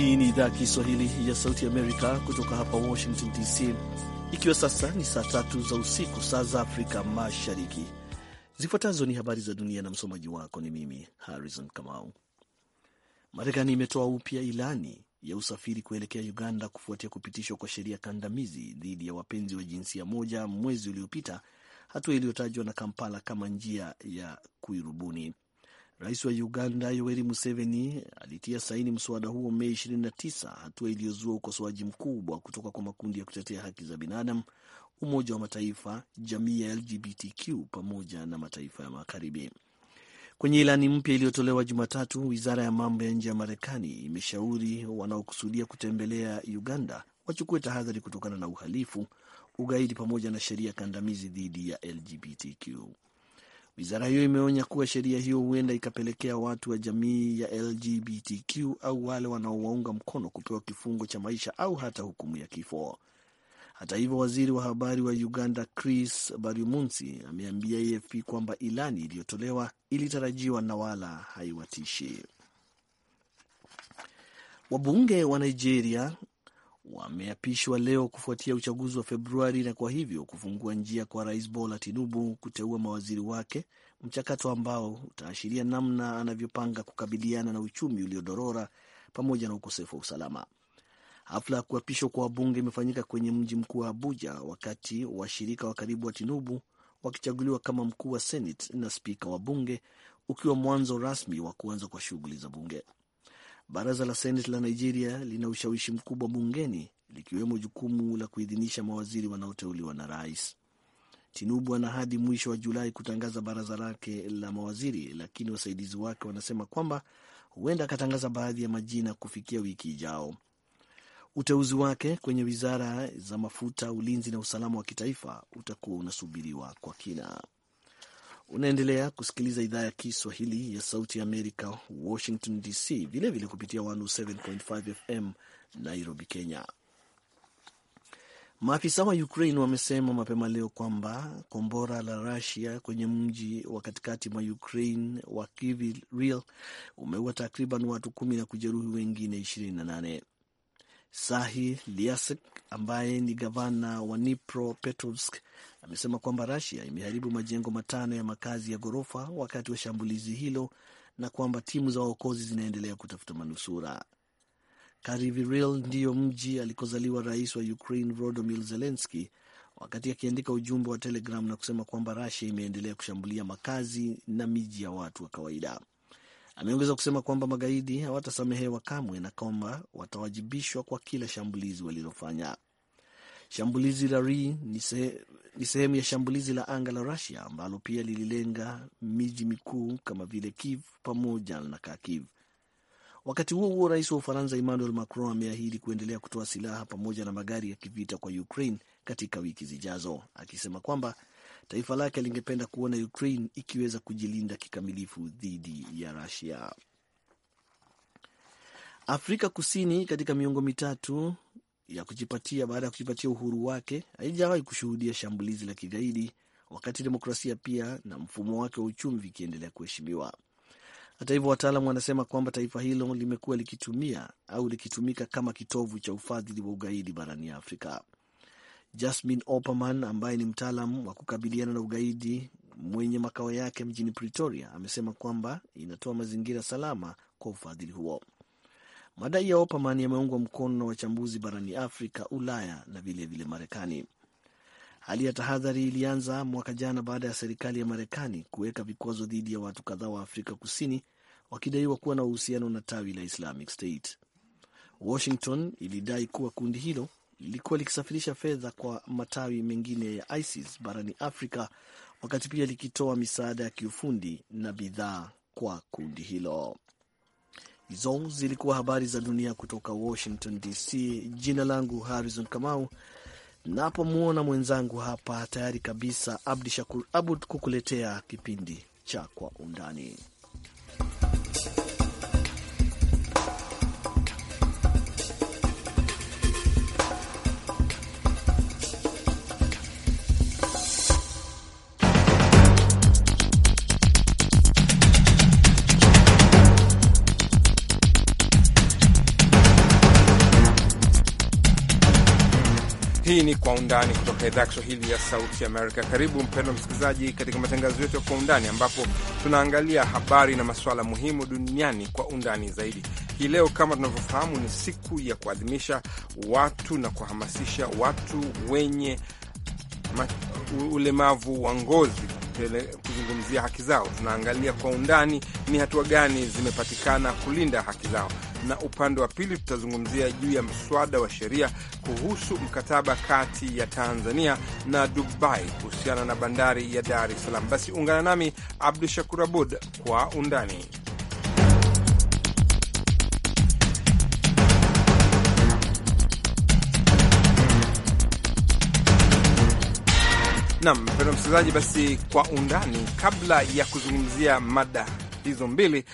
Hii ni idhaa ya Kiswahili ya Sauti Amerika kutoka hapa Washington DC, ikiwa sasa ni saa tatu za usiku, saa za Afrika Mashariki. Zifuatazo ni habari za dunia na msomaji wako ni mimi Harrison Kamau. Marekani imetoa upya ilani ya usafiri kuelekea Uganda kufuatia kupitishwa kwa sheria kandamizi dhidi ya wapenzi wa jinsia moja mwezi uliopita, hatua iliyotajwa na Kampala kama njia ya kuirubuni. Rais wa Uganda Yoweri Museveni alitia saini mswada huo Mei 29, hatua iliyozua ukosoaji mkubwa kutoka kwa makundi ya kutetea haki za binadamu, Umoja wa Mataifa, jamii ya LGBTQ pamoja na mataifa ya Magharibi. Kwenye ilani mpya iliyotolewa Jumatatu, wizara ya mambo ya nje ya Marekani imeshauri wanaokusudia kutembelea Uganda wachukue tahadhari kutokana na uhalifu, ugaidi pamoja na sheria kandamizi dhidi ya LGBTQ. Wizara hiyo imeonya kuwa sheria hiyo huenda ikapelekea watu wa jamii ya LGBTQ au wale wanaowaunga mkono kupewa kifungo cha maisha au hata hukumu ya kifo. Hata hivyo, waziri wa habari wa Uganda Chris barumunsi ameambia AFP kwamba ilani iliyotolewa ilitarajiwa na wala haiwatishi. Wabunge wa Nigeria wameapishwa leo kufuatia uchaguzi wa Februari na kwa hivyo kufungua njia kwa Rais Bola Tinubu kuteua mawaziri wake, mchakato ambao utaashiria namna anavyopanga kukabiliana na uchumi uliodorora pamoja na ukosefu wa usalama. Hafla ya kuapishwa kwa wabunge imefanyika kwenye mji mkuu wa Abuja, wakati washirika wa karibu wa Tinubu wakichaguliwa kama mkuu wa Senate na spika wa bunge, ukiwa mwanzo rasmi wa kuanza kwa shughuli za bunge. Baraza la Seneti la Nigeria lina ushawishi mkubwa bungeni, likiwemo jukumu la kuidhinisha mawaziri wanaoteuliwa na rais. Tinubu ana hadi mwisho wa Julai kutangaza baraza lake la mawaziri, lakini wasaidizi wake wanasema kwamba huenda akatangaza baadhi ya majina kufikia wiki ijao. Uteuzi wake kwenye wizara za mafuta, ulinzi na usalama wa kitaifa utakuwa unasubiriwa kwa kina. Unaendelea kusikiliza idhaa ya Kiswahili ya Sauti ya Amerika, Washington DC, vilevile vile kupitia 107.5 FM Nairobi, Kenya. Maafisa wa Ukraine wamesema mapema leo kwamba kombora la Rusia kwenye mji wa katikati mwa Ukraine wa Kryvyi Rih umeua takriban watu kumi na kujeruhi wengine nane. Sahi Liasek ambaye ni gavana wa nipro petrovsk amesema kwamba rasia imeharibu majengo matano ya makazi ya ghorofa wakati wa shambulizi hilo na kwamba timu za waokozi zinaendelea kutafuta manusura. Kariviril ndiyo mji alikozaliwa rais wa Ukraine Volodymyr Zelensky wakati akiandika ujumbe wa Telegram na kusema kwamba rasia imeendelea kushambulia makazi na miji ya watu wa kawaida. Ameongeza kusema kwamba magaidi hawatasamehewa kamwe na kwamba watawajibishwa kwa kila shambulizi walilofanya. Shambulizi la ri ni sehemu ya shambulizi la anga la Rusia ambalo pia lililenga miji mikuu kama vile Kiev pamoja na Kharkiv. Wakati huo huo, rais wa Ufaransa Emmanuel Macron ameahidi kuendelea kutoa silaha pamoja na magari ya kivita kwa Ukraine katika wiki zijazo, akisema kwamba taifa lake lingependa kuona Ukraine ikiweza kujilinda kikamilifu dhidi ya Rusia. Afrika Kusini katika miongo mitatu ya kujipatia baada ya kujipatia uhuru wake haijawahi kushuhudia shambulizi la kigaidi, wakati demokrasia pia na mfumo wake wa uchumi vikiendelea kuheshimiwa. Hata hivyo, wataalam wanasema kwamba taifa hilo limekuwa likitumia au likitumika kama kitovu cha ufadhili wa ugaidi barani Afrika. Jasmine Opperman ambaye ni mtaalam wa kukabiliana na ugaidi mwenye makao yake mjini Pretoria amesema kwamba inatoa mazingira salama kwa ufadhili huo. Madai ya Opperman yameungwa mkono na wachambuzi barani Afrika, Ulaya na vilevile Marekani. Hali ya tahadhari ilianza mwaka jana baada ya serikali ya Marekani kuweka vikwazo dhidi ya watu kadhaa wa Afrika Kusini wakidaiwa kuwa na uhusiano na tawi la Islamic State. Washington ilidai kuwa kundi hilo lilikuwa likisafirisha fedha kwa matawi mengine ya ISIS barani Afrika, wakati pia likitoa misaada ya kiufundi na bidhaa kwa kundi hilo. Hizo zilikuwa habari za dunia kutoka Washington DC. Jina langu Harrison Kamau. Napomwona mwenzangu hapa tayari kabisa, Abdi Shakur Abud kukuletea kipindi cha Kwa Undani. Hii ni Kwa Undani kutoka idhaa ya Kiswahili ya Sauti Amerika. Karibu mpendwa msikilizaji, katika matangazo yetu ya Kwa Undani ambapo tunaangalia habari na masuala muhimu duniani kwa undani zaidi. Hii leo kama tunavyofahamu, ni siku ya kuadhimisha watu na kuhamasisha watu wenye ulemavu wa ngozi kuzungumzia haki zao. Tunaangalia kwa undani ni hatua gani zimepatikana kulinda haki zao na upande wa pili tutazungumzia juu ya mswada wa sheria kuhusu mkataba kati ya Tanzania na Dubai kuhusiana na bandari ya Dar es Salaam. Basi ungana nami Abdu Shakur Abud kwa undani. Nam mpendo msikilizaji, basi kwa undani, kabla ya kuzungumzia mada hizo mbili,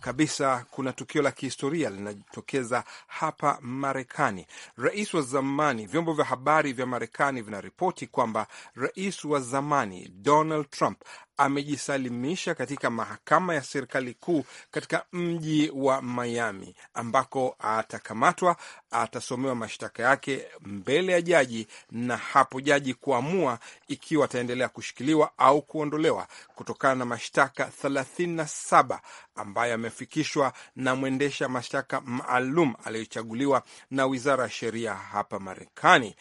kabisa kuna tukio la kihistoria linajitokeza hapa Marekani. Rais wa zamani, vyombo vya habari vya Marekani vinaripoti kwamba rais wa zamani Donald Trump amejisalimisha katika mahakama ya serikali kuu katika mji wa Miami, ambako atakamatwa, atasomewa mashtaka yake mbele ya jaji, na hapo jaji kuamua ikiwa ataendelea kushikiliwa au kuondolewa kutokana na mashtaka 37 ambayo amefikishwa na mwendesha mashtaka maalum aliyochaguliwa na wizara ya sheria hapa Marekani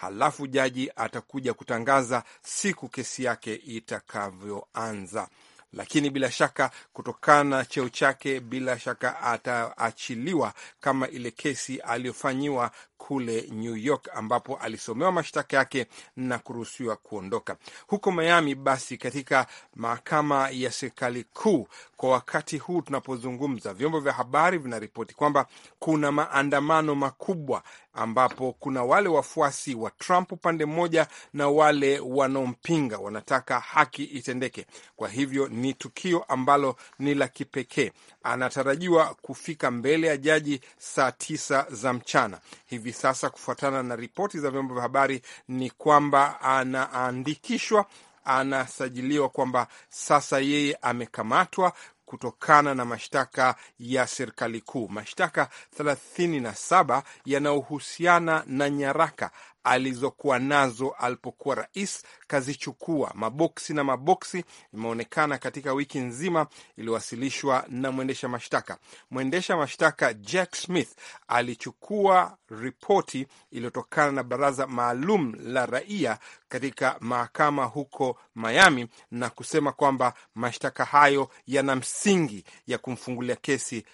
halafu jaji atakuja kutangaza siku kesi yake itakavyoanza. Lakini bila shaka, kutokana na cheo chake, bila shaka ataachiliwa kama ile kesi aliyofanyiwa kule New York ambapo alisomewa mashtaka yake na kuruhusiwa kuondoka. Huko Miami, basi katika mahakama ya serikali kuu, kwa wakati huu tunapozungumza, vyombo vya habari vinaripoti kwamba kuna maandamano makubwa ambapo kuna wale wafuasi wa Trump upande mmoja na wale wanaompinga wanataka haki itendeke. Kwa hivyo ni tukio ambalo ni la kipekee. Anatarajiwa kufika mbele ya jaji saa tisa za mchana hivi hivi sasa, kufuatana na ripoti za vyombo vya habari, ni kwamba anaandikishwa, anasajiliwa kwamba sasa yeye amekamatwa kutokana na mashtaka ya serikali kuu, mashtaka 37 yanayohusiana na nyaraka alizokuwa nazo alipokuwa rais, kazichukua maboksi na maboksi. Imeonekana katika wiki nzima iliyowasilishwa na mwendesha mashtaka. Mwendesha mashtaka Jack Smith alichukua ripoti iliyotokana na baraza maalum la raia katika mahakama huko Miami na kusema kwamba mashtaka hayo yana msingi ya kumfungulia kesi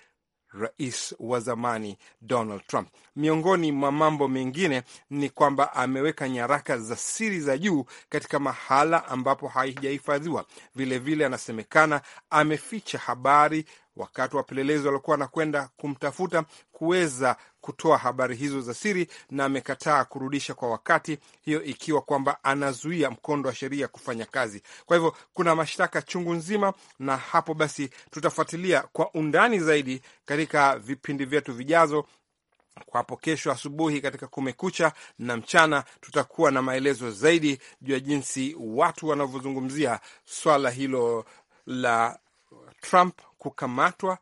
rais wa zamani Donald Trump. Miongoni mwa mambo mengine ni kwamba ameweka nyaraka za siri za juu katika mahala ambapo haijahifadhiwa. Vilevile anasemekana ameficha habari wakati wapelelezi waliokuwa wanakwenda kumtafuta kuweza kutoa habari hizo za siri, na amekataa kurudisha kwa wakati, hiyo ikiwa kwamba anazuia mkondo wa sheria kufanya kazi. Kwa hivyo kuna mashtaka chungu nzima, na hapo basi tutafuatilia kwa undani zaidi katika vipindi vyetu vijazo kwa hapo kesho asubuhi katika Kumekucha na mchana, tutakuwa na maelezo zaidi juu ya jinsi watu wanavyozungumzia swala hilo la Trump kukamatwa,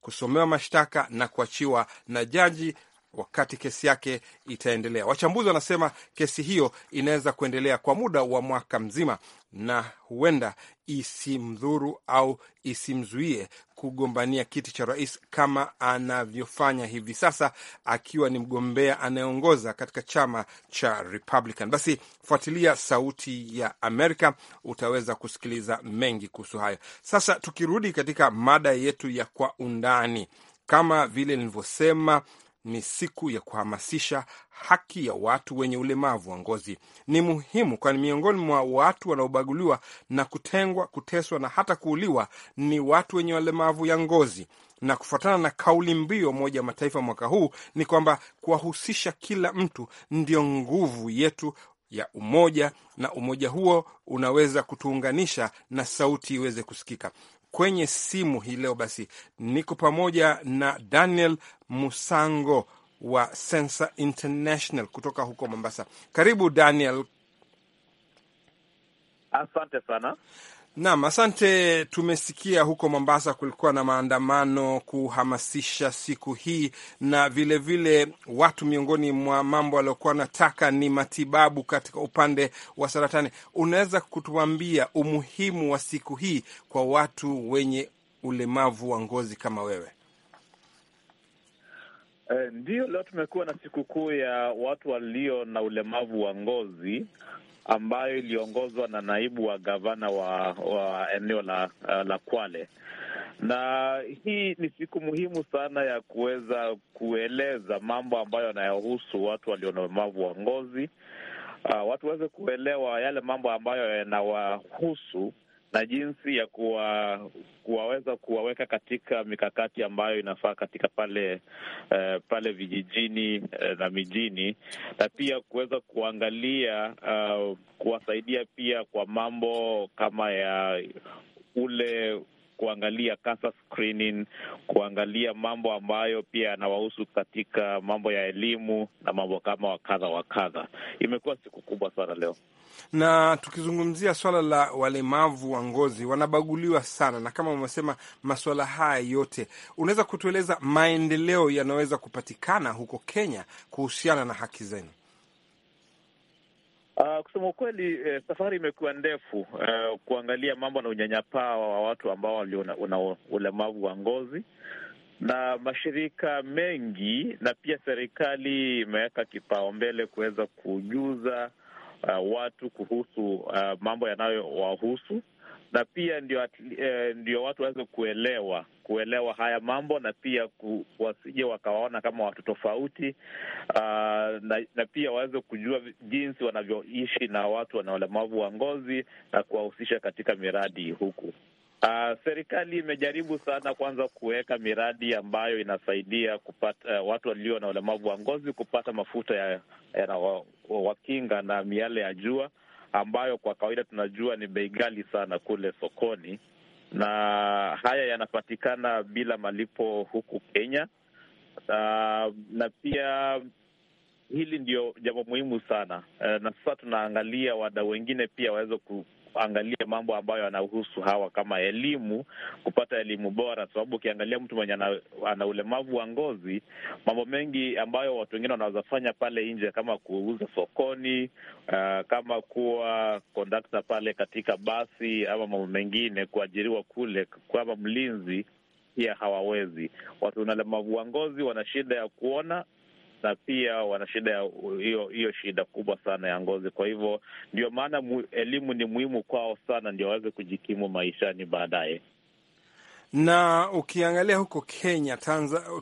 kusomewa mashtaka na kuachiwa na jaji wakati kesi yake itaendelea. Wachambuzi wanasema kesi hiyo inaweza kuendelea kwa muda wa mwaka mzima, na huenda isimdhuru au isimzuie kugombania kiti cha rais kama anavyofanya hivi sasa, akiwa ni mgombea anayeongoza katika chama cha Republican. Basi fuatilia Sauti ya Amerika, utaweza kusikiliza mengi kuhusu hayo. Sasa tukirudi katika mada yetu ya kwa undani, kama vile nilivyosema ni siku ya kuhamasisha haki ya watu wenye ulemavu wa ngozi. Ni muhimu, kwani miongoni mwa watu wanaobaguliwa na kutengwa, kuteswa na hata kuuliwa ni watu wenye ulemavu ya ngozi na kufuatana na kauli mbiu ya Umoja wa Mataifa mwaka huu ni kwamba kuwahusisha kila mtu ndio nguvu yetu ya umoja, na umoja huo unaweza kutuunganisha na sauti iweze kusikika kwenye simu hii leo. Basi niko pamoja na Daniel Musango wa Sensa International kutoka huko Mombasa. Karibu Daniel. Asante sana. Naam, asante. Tumesikia huko Mombasa kulikuwa na maandamano kuhamasisha siku hii, na vilevile vile watu, miongoni mwa mambo waliokuwa wanataka ni matibabu katika upande wa saratani. Unaweza kutuambia umuhimu wa siku hii kwa watu wenye ulemavu wa ngozi kama wewe? Eh, ndio leo tumekuwa na sikukuu ya watu walio na ulemavu wa ngozi ambayo iliongozwa na naibu wa gavana wa, wa eneo la, eh, la Kwale na hii ni siku muhimu sana ya kuweza kueleza mambo ambayo yanayohusu watu walio na ulemavu wa ngozi. Uh, watu waweze kuelewa yale mambo ambayo yanawahusu na jinsi ya kuwa, kuwaweza kuwaweka katika mikakati ambayo inafaa katika pale uh, pale vijijini uh, na mijini, na pia kuweza kuangalia uh, kuwasaidia pia kwa mambo kama ya ule kuangalia cancer screening, kuangalia mambo ambayo pia yanawahusu katika mambo ya elimu na mambo kama wakadha wa kadha. Imekuwa siku kubwa sana leo, na tukizungumzia swala la walemavu wa ngozi, wanabaguliwa sana, na kama umesema masuala haya yote, unaweza kutueleza maendeleo yanaweza kupatikana huko Kenya kuhusiana na haki zenu? Uh, kusema ukweli eh, safari imekuwa ndefu eh, kuangalia mambo na unyanyapaa wa watu ambao walio na ulemavu wa ngozi, na mashirika mengi na pia serikali imeweka kipaumbele kuweza kujuza uh, watu kuhusu uh, mambo yanayowahusu na pia ndio, eh, ndio watu waweze kuelewa kuelewa haya mambo na pia ku, wasije wakawaona kama watu tofauti uh, na, na pia waweze kujua jinsi wanavyoishi na watu wana ulemavu wa ngozi na kuwahusisha katika miradi huku. Uh, serikali imejaribu sana kwanza kuweka miradi ambayo inasaidia kupata uh, watu walio na ulemavu wa ngozi kupata mafuta yanawakinga ya na miale ya jua ambayo kwa kawaida tunajua ni bei ghali sana kule sokoni, na haya yanapatikana bila malipo huku Kenya. Uh, na pia hili ndio jambo muhimu sana uh, na sasa tunaangalia wadau wengine pia waweze angalie mambo ambayo yanahusu hawa kama elimu, kupata elimu bora, sababu ukiangalia mtu mwenye ana, ana ulemavu wa ngozi, mambo mengi ambayo watu wengine wanaweza fanya pale nje kama kuuza sokoni, uh, kama kuwa kondakta pale katika basi ama mambo mengine, kuajiriwa kule kama mlinzi, pia hawawezi. Watu wenye ulemavu wa ngozi wana shida ya kuona na pia wana shida hiyo hiyo shida kubwa sana ya ngozi. Kwa hivyo ndio maana elimu ni muhimu kwao sana, ndio waweze kujikimu maishani baadaye. Na ukiangalia huko Kenya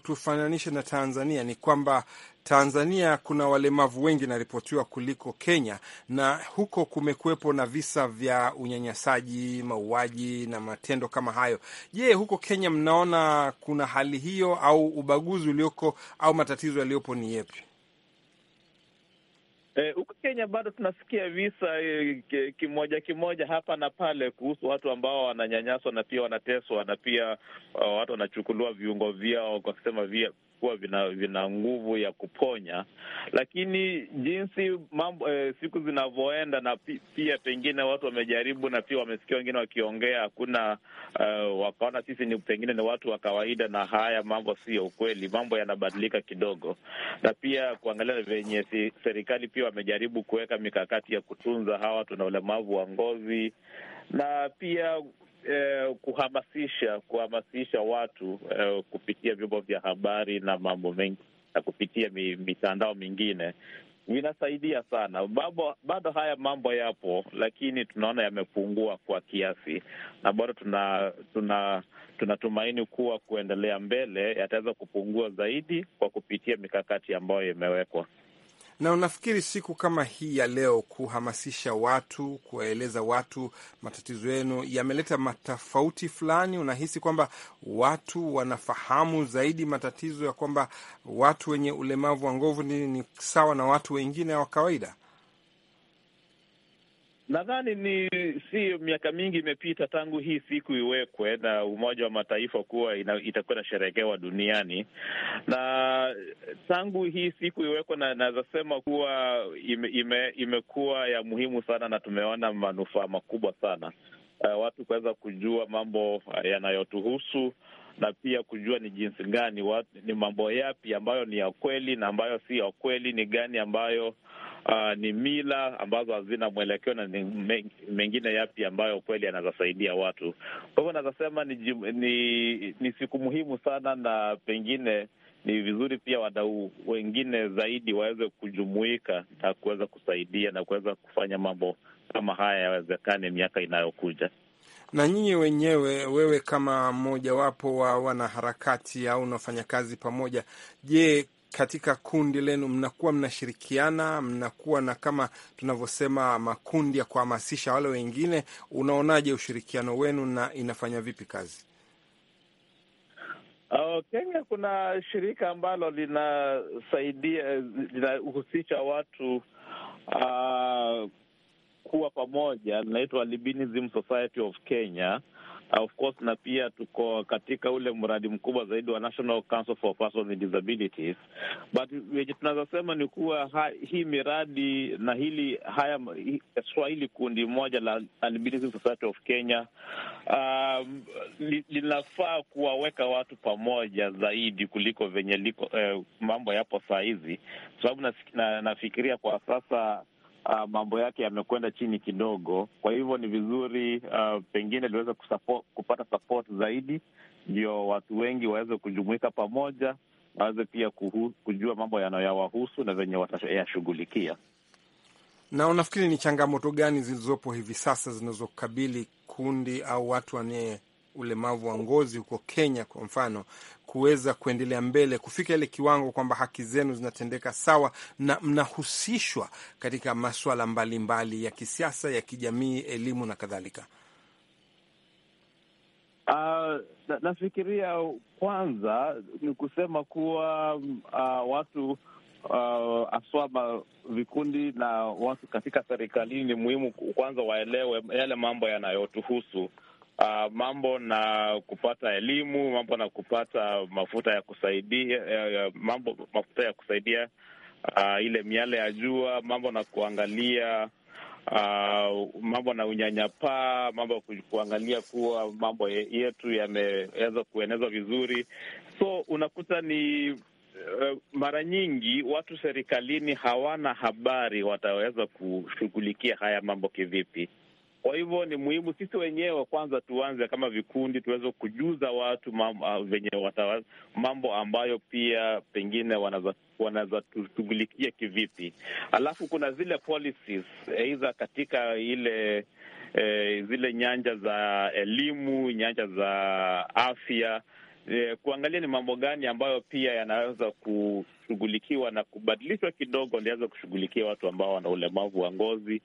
tufananishe na Tanzania ni kwamba Tanzania kuna walemavu wengi naripotiwa kuliko Kenya, na huko kumekuwepo na visa vya unyanyasaji, mauaji na matendo kama hayo. Je, huko Kenya mnaona kuna hali hiyo au ubaguzi ulioko au matatizo yaliyopo ni yepi? Eh, huku eh, Kenya bado tunasikia visa eh, kimoja kimoja hapa na pale kuhusu watu ambao wananyanyaswa na pia wanateswa na pia uh, watu wanachukuliwa viungo vyao kwa kusema vya kuwa vina, vina nguvu ya kuponya, lakini jinsi mambo eh, siku zinavyoenda na pia pengine watu wamejaribu na pia wamesikia wengine wakiongea, hakuna eh, wakaona sisi ni pengine ni watu wa kawaida, na haya mambo siyo ukweli, mambo yanabadilika kidogo, na pia kuangalia venye si, serikali pia wamejaribu kuweka mikakati ya kutunza hawa watu na ulemavu wa ngozi na pia eh, kuhamasisha kuhamasisha watu eh, kupitia vyombo vya habari na mambo mengi na kupitia mitandao mingine vinasaidia sana. Bado haya mambo yapo, lakini tunaona yamepungua kwa kiasi, na bado tuna tuna tunatumaini kuwa kuendelea mbele yataweza kupungua zaidi kwa kupitia mikakati ambayo imewekwa. Na unafikiri siku kama hii ya leo kuhamasisha watu, kuwaeleza watu matatizo yenu yameleta matofauti fulani? Unahisi kwamba watu wanafahamu zaidi matatizo ya kwamba watu wenye ulemavu wa ngovu ni, ni sawa na watu wengine wa kawaida? Nadhani ni si miaka mingi imepita tangu hii siku iwekwe na Umoja wa Mataifa kuwa itakuwa inasherehekewa duniani, na tangu hii siku iwekwe, na naweza sema kuwa ime, ime, imekuwa ya muhimu sana na tumeona manufaa makubwa sana uh, watu kuweza kujua mambo yanayotuhusu na pia kujua ni jinsi gani ni mambo yapi ambayo ni ya kweli na ambayo si ya kweli, ni gani ambayo uh, ni mila ambazo hazina mwelekeo na ni mengine yapi ambayo kweli yanawezasaidia watu. Kwa hivyo naweza sema ni, ni, ni siku muhimu sana, na pengine ni vizuri pia wadau wengine zaidi waweze kujumuika na kuweza kusaidia na kuweza kufanya mambo kama haya yawezekane miaka inayokuja na nyinyi wenyewe, wewe kama mmojawapo wa wanaharakati au unafanya kazi pamoja, je, katika kundi lenu mnakuwa mnashirikiana, mnakuwa na kama tunavyosema makundi ya kuhamasisha wale wengine? Unaonaje ushirikiano wenu na inafanya vipi kazi? Uh, Kenya kuna shirika ambalo linasaidia linahusisha watu uh, kuwa pamoja, linaitwa Albinism Society of Kenya Uh, of course, na pia tuko katika ule mradi mkubwa zaidi wa National Council for Persons with Disabilities, but wenye tunazosema ni kuwa hii miradi na hili haya swahili kundi moja la Albinism Society of Kenya um, linafaa kuwaweka watu pamoja zaidi kuliko venye liko eh, mambo yapo saa hizi, sababu nafikiria na, na kwa sasa uh, mambo yake yamekwenda chini kidogo. Kwa hivyo ni vizuri uh, pengine liweze kupata support zaidi, ndio watu wengi waweze kujumuika pamoja, waweze pia kuhu, kujua mambo yanayowahusu na venye watayashughulikia. Na unafikiri ni changamoto gani zilizopo hivi sasa zinazokabili kundi au watu wanee ulemavu wa ngozi huko Kenya kwa mfano, kuweza kuendelea mbele kufika ile kiwango kwamba haki zenu zinatendeka sawa na mnahusishwa katika masuala mbalimbali ya kisiasa, ya kijamii, elimu na kadhalika? Uh, na, nafikiria kwanza ni kusema kuwa uh, watu Uh, ah, aswama vikundi na watu katika serikalini ni muhimu kwanza waelewe yale mambo yanayotuhusu, uh, mambo na kupata elimu, mambo na kupata mafuta ya kusaidia uh, mambo mafuta ya kusaidia uh, ile miale ya jua, mambo na kuangalia Uh, mambo na unyanyapaa, mambo ya kuangalia kuwa mambo yetu yameweza kuenezwa vizuri. So unakuta ni uh, mara nyingi watu serikalini hawana habari wataweza kushughulikia haya mambo kivipi. Kwa hivyo ni muhimu sisi wenyewe kwanza tuanze kama vikundi, tuweze kujuza watu mambo, venye mambo ambayo pia pengine wanaweza wanaweza tushughulikia kivipi. Alafu kuna zile policies aidha katika ile e, zile nyanja za elimu, nyanja za afya e, kuangalia ni mambo gani ambayo pia yanaweza ku kushughulikiwa na kubadilishwa kidogo, ndianza kushughulikia watu ambao wana ulemavu wa ngozi,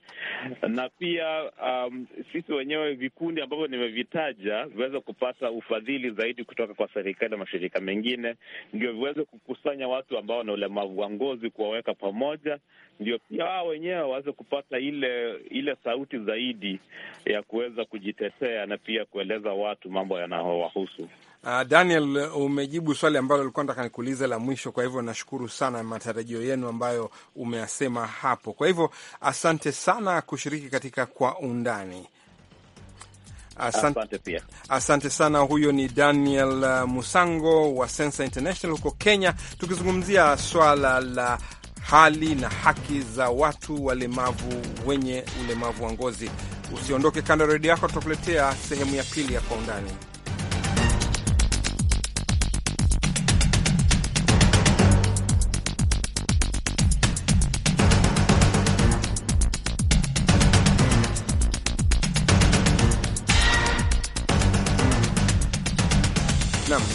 na pia um, sisi wenyewe vikundi ambavyo nimevitaja viweze kupata ufadhili zaidi kutoka kwa serikali na mashirika mengine, ndio viweze kukusanya watu ambao wana ulemavu wa ngozi, kuwaweka pamoja, ndio pia wao wenyewe waweze kupata ile ile sauti zaidi ya kuweza kujitetea na pia kueleza watu mambo yanayowahusu. Uh, Daniel, umejibu swali ambalo nilikuwa nataka nikuulize la mwisho, kwa hivyo nashukuru nashukuru sana matarajio yenu ambayo umeyasema hapo. Kwa hivyo asante sana kushiriki katika kwa undani. Asante, asante, Asante sana. Huyo ni Daniel uh, Musango wa Sensa International huko Kenya, tukizungumzia swala la hali na haki za watu walemavu wenye ulemavu wa ngozi. Usiondoke kando ya redio yako, tutakuletea sehemu ya pili ya kwa undani.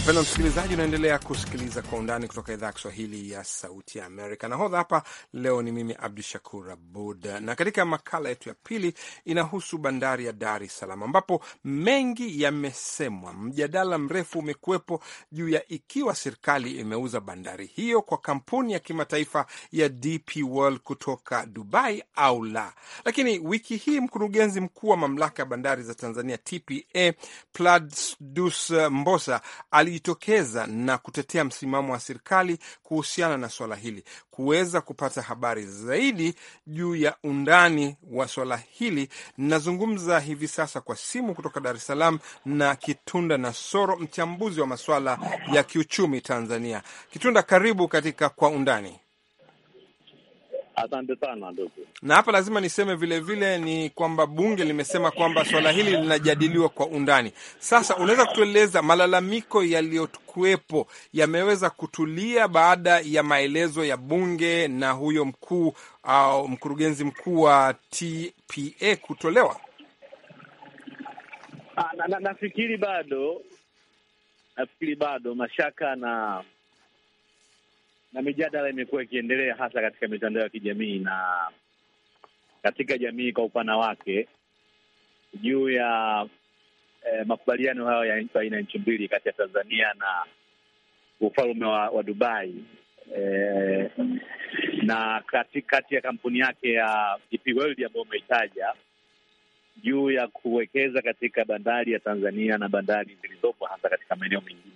Mpendwa msikilizaji, unaendelea kusikiliza Kwa Undani kutoka idhaa ya Kiswahili ya Sauti ya Amerika. Nahodha hapa leo ni mimi Abdu Shakur Abud, na katika makala yetu ya pili inahusu bandari ya Dar es Salaam ambapo mengi yamesemwa. Mjadala mrefu umekuwepo juu ya ikiwa serikali imeuza bandari hiyo kwa kampuni ya kimataifa ya DP World kutoka Dubai au la. Lakini wiki hii mkurugenzi mkuu wa mamlaka ya bandari za Tanzania TPA Pladus Mbosa ali kujitokeza na kutetea msimamo wa serikali kuhusiana na swala hili. Kuweza kupata habari zaidi juu ya undani wa swala hili, nazungumza hivi sasa kwa simu kutoka Dar es Salaam na Kitunda na soro mchambuzi wa maswala ya kiuchumi Tanzania. Kitunda, karibu katika Kwa Undani. Asante sana ndugu. Na hapa lazima niseme vile vile ni kwamba bunge limesema kwamba swala hili linajadiliwa kwa undani. Sasa unaweza kutueleza malalamiko yaliyokuwepo yameweza kutulia baada ya maelezo ya bunge na huyo mkuu au mkurugenzi mkuu wa TPA kutolewa? Nafikiri ah, na, na bado nafikiri bado mashaka na na mijadala imekuwa ikiendelea hasa katika mitandao ya kijamii na katika jamii kwa upana wake juu ya eh, makubaliano hayo ya baina ya nchi mbili kati ya Tanzania na ufalme wa, wa Dubai eh, na kati, kati ya kampuni yake ya DP World ambayo umeitaja juu ya kuwekeza katika bandari ya Tanzania na bandari zilizopo hasa katika maeneo mengine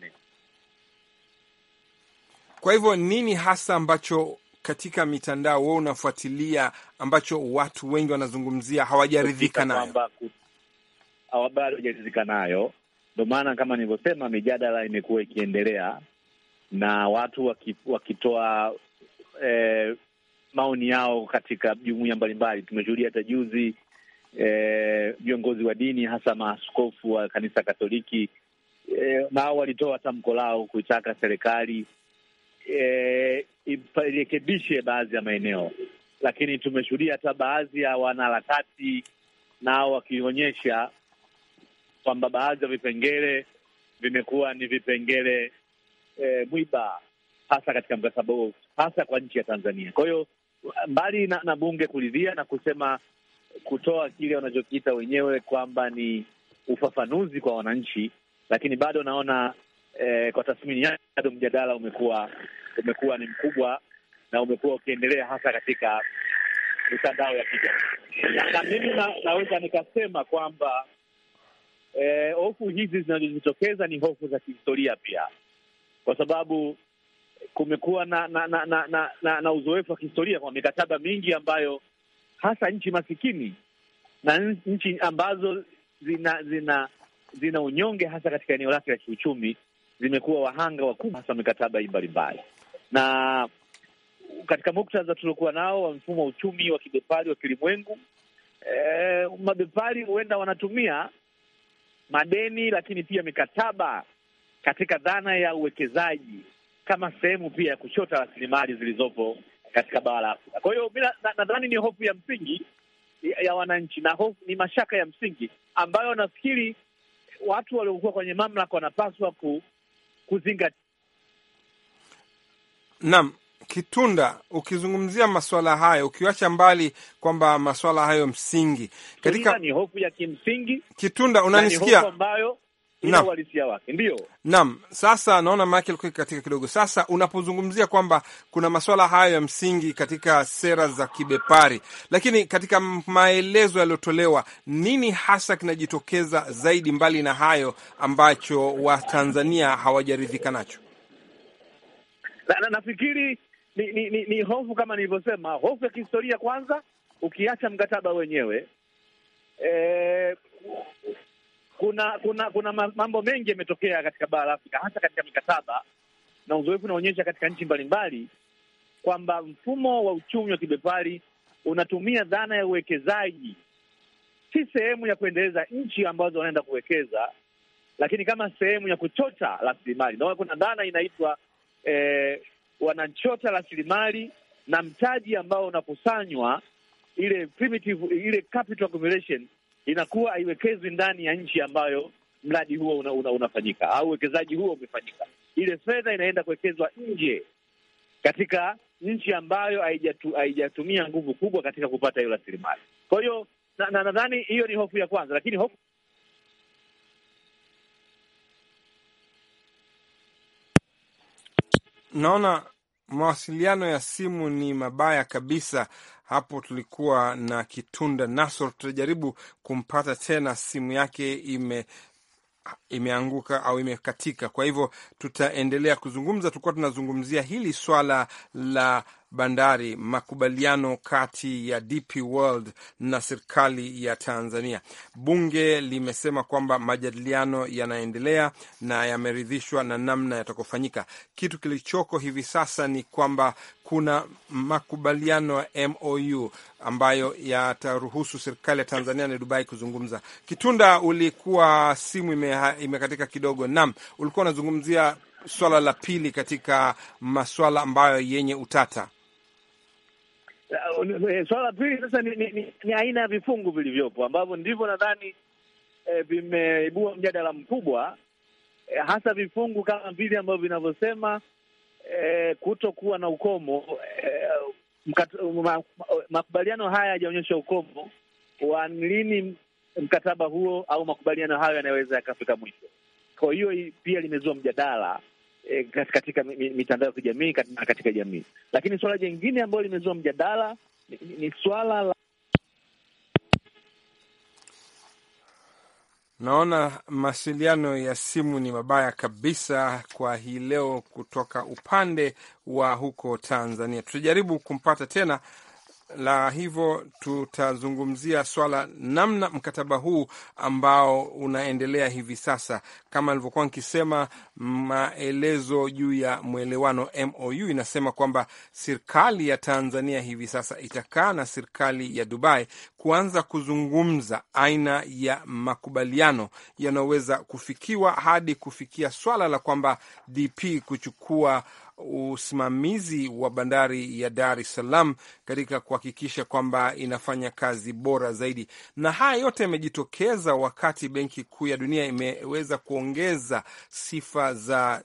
kwa hivyo nini hasa ambacho katika mitandao wewe unafuatilia ambacho watu wengi wanazungumzia hawajaridhika nayo? Bado hajaridhika nayo, ndo maana kama nilivyosema, mijadala imekuwa ikiendelea na watu waki, wakitoa eh, maoni yao katika jumuia mbalimbali. Tumeshuhudia hata juzi eh, viongozi eh, wa dini hasa maaskofu wa kanisa Katoliki eh, nao walitoa tamko lao kuitaka serikali e, irekebishe baadhi ya maeneo, lakini tumeshuhudia hata baadhi ya wanaharakati nao wakionyesha kwamba baadhi ya vipengele vimekuwa ni vipengele e, mwiba hasa katika mkataba huo, hasa kwa nchi ya Tanzania. Kwa hiyo mbali na, na bunge kuridhia na kusema kutoa kile wanachokiita wenyewe kwamba ni ufafanuzi kwa wananchi, lakini bado naona eh, kwa tathmini yake bado mjadala umekuwa umekuwa ni mkubwa na umekuwa ukiendelea hasa katika mitandao ya kijamii, na mimi na, naweza nikasema kwamba eh, hofu eh, hizi zinazojitokeza ni hofu za kihistoria pia, kwa sababu kumekuwa na na na, na, na, na, na uzoefu wa kihistoria kwa mikataba mingi ambayo hasa nchi masikini na nchi ambazo zina zina zina unyonge hasa katika eneo lake la kiuchumi zimekuwa wahanga wakubwa hasa mikataba hii mbalimbali, na katika muktadha tuliokuwa nao wa mfumo wa uchumi wa kibepari wa kilimwengu, e, mabepari huenda wanatumia madeni lakini pia mikataba katika dhana ya uwekezaji kama sehemu pia ya kuchota rasilimali zilizopo katika bara la Afrika. Kwa hiyo mi nadhani ni hofu ya msingi ya, ya wananchi na hofu ni mashaka ya msingi ambayo nafikiri watu waliokuwa kwenye mamlaka wanapaswa ku, kuzingatia. Naam. Kitunda, ukizungumzia maswala hayo, ukiwacha mbali kwamba maswala hayo msingi katika... ni hofu ya kimsingi Kitunda, unanisikia? ambayo ina wake, naam. Sasa naona Michael Quick katika kidogo sasa, unapozungumzia kwamba kuna masuala hayo ya msingi katika sera za kibepari, lakini katika maelezo yaliyotolewa, nini hasa kinajitokeza zaidi mbali na hayo ambacho Watanzania hawajaridhika nacho? Na, na, nafikiri ni, ni, ni, ni hofu kama nilivyosema, hofu ya kihistoria kwanza, ukiacha mkataba wenyewe e, kuna kuna kuna mambo mengi yametokea katika bara la Afrika, hasa katika mikataba, na uzoefu unaonyesha katika nchi mbalimbali kwamba mfumo wa uchumi wa kibepari unatumia dhana ya uwekezaji, si sehemu ya kuendeleza nchi ambazo wanaenda kuwekeza, lakini kama sehemu ya kuchota rasilimali. Naona kuna dhana inaitwa eh, wanachota rasilimali na mtaji ambao unakusanywa, ile primitive, ile capital accumulation inakuwa haiwekezwi ndani ya nchi ambayo mradi huo una, una, unafanyika au uwekezaji huo umefanyika. Ile fedha inaenda kuwekezwa nje katika nchi ambayo haijatumia nguvu kubwa katika kupata hiyo rasilimali. Kwa hiyo nadhani na, na, hiyo ni hofu ya kwanza, lakini hofu naona mawasiliano ya simu ni mabaya kabisa hapo tulikuwa na Kitunda Nasor. Tutajaribu kumpata tena, simu yake ime imeanguka au imekatika. Kwa hivyo tutaendelea kuzungumza. Tulikuwa tunazungumzia hili swala la bandari, makubaliano kati ya DP World na serikali ya Tanzania. Bunge limesema kwamba majadiliano yanaendelea na yameridhishwa na namna yatakofanyika. Kitu kilichoko hivi sasa ni kwamba kuna makubaliano ya MOU ambayo yataruhusu serikali ya Tanzania na Dubai kuzungumza. Kitunda, ulikuwa simu imekatika ime kidogo. Naam, ulikuwa unazungumzia swala la pili katika maswala ambayo yenye utata. Swala la pili sasa ni, ni, ni, ni aina ya vifungu vilivyopo ambavyo ndivyo nadhani eh, vimeibua e, mjadala mkubwa e, hasa vifungu kama vile ambavyo vinavyosema e, kutokuwa na ukomo e, mkatu, ma, makubaliano haya yajaonyesha ukomo wa lini mkataba huo au makubaliano hayo yanaweza yakafika mwisho. Kwa hiyo pia limezua mjadala e, katika mitandao ya kijamii na katika jamii, lakini suala jingine ambalo limezua mjadala ni, ni swala la Naona mawasiliano ya simu ni mabaya kabisa kwa hii leo, kutoka upande wa huko Tanzania. Tutajaribu kumpata tena la hivyo tutazungumzia swala namna mkataba huu ambao unaendelea hivi sasa. Kama alivyokuwa nikisema, maelezo juu ya mwelewano MOU inasema kwamba serikali ya Tanzania hivi sasa itakaa na serikali ya Dubai kuanza kuzungumza aina ya makubaliano yanayoweza kufikiwa hadi kufikia swala la kwamba DP kuchukua usimamizi wa bandari ya Dar es Salaam katika kuhakikisha kwamba inafanya kazi bora zaidi. Na haya yote yamejitokeza wakati Benki Kuu ya Dunia imeweza kuongeza sifa za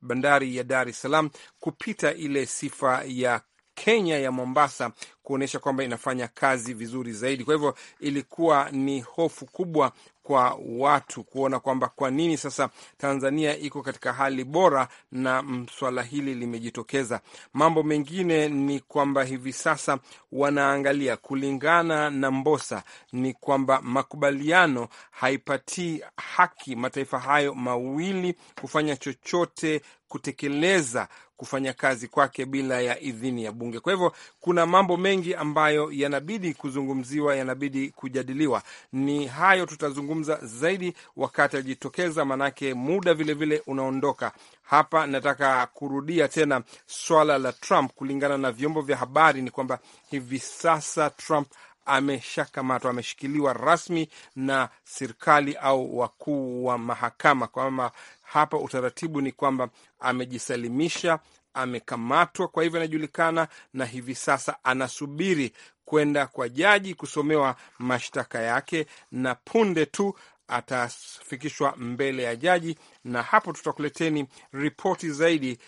bandari ya Dar es Salaam kupita ile sifa ya Kenya ya Mombasa kuonyesha kwamba inafanya kazi vizuri zaidi. Kwa hivyo ilikuwa ni hofu kubwa kwa watu kuona kwamba kwa nini sasa Tanzania iko katika hali bora na mm, swala hili limejitokeza. Mambo mengine ni kwamba hivi sasa wanaangalia, kulingana na Mbosa, ni kwamba makubaliano haipatii haki mataifa hayo mawili kufanya chochote kutekeleza kufanya kazi kwake bila ya idhini ya bunge. Kwa hivyo kuna mambo mengi ambayo yanabidi kuzungumziwa, yanabidi kujadiliwa. Ni hayo tutazungumza zaidi wakati ajitokeza, maanake muda vilevile vile unaondoka hapa. Nataka kurudia tena swala la Trump. Kulingana na vyombo vya habari, ni kwamba hivi sasa Trump ameshakamatwa, ameshikiliwa rasmi na serikali au wakuu wa mahakama, kwamba hapa utaratibu ni kwamba amejisalimisha, amekamatwa, kwa hivyo anajulikana, na hivi sasa anasubiri kwenda kwa jaji kusomewa mashtaka yake, na punde tu atafikishwa mbele ya jaji, na hapo tutakuleteni ripoti zaidi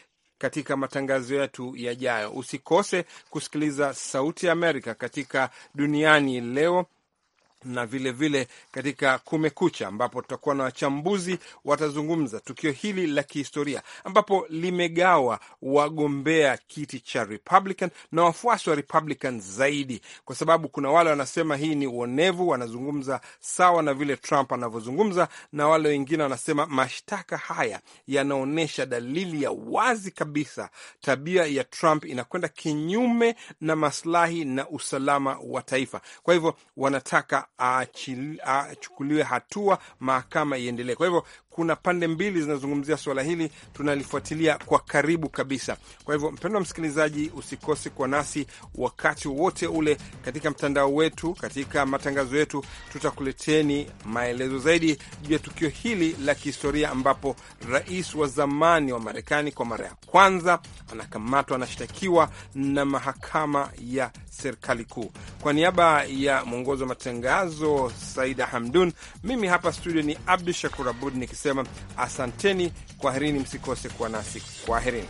katika matangazo yetu yajayo. Usikose kusikiliza Sauti ya Amerika katika Duniani Leo na vilevile vile katika Kumekucha ambapo tutakuwa na wachambuzi watazungumza tukio hili la kihistoria ambapo limegawa wagombea kiti cha Republican na wafuasi wa Republican zaidi, kwa sababu kuna wale wanasema hii ni uonevu, wanazungumza sawa na vile Trump anavyozungumza, na wale wengine wanasema mashtaka haya yanaonyesha dalili ya wazi kabisa tabia ya Trump inakwenda kinyume na maslahi na usalama wa taifa. Kwa hivyo wanataka achukuliwe hatua, mahakama iendelee. Kwa hivyo kuna pande mbili zinazungumzia suala hili, tunalifuatilia kwa karibu kabisa. Kwa hivyo, mpendwa msikilizaji, usikose kwa nasi wakati wowote ule katika mtandao wetu, katika matangazo yetu, tutakuleteni maelezo zaidi juu ya tukio hili la kihistoria, ambapo rais wa zamani wa Marekani kwa mara ya kwanza anakamatwa, anashtakiwa na mahakama ya serikali kuu. Kwa niaba ya mwongozi wa matangazo Saida Hamdun, mimi hapa studio ni Abdu Shakur Abud nikis kusema asanteni, kwaherini, msikose kuwa nasi, kwaherini.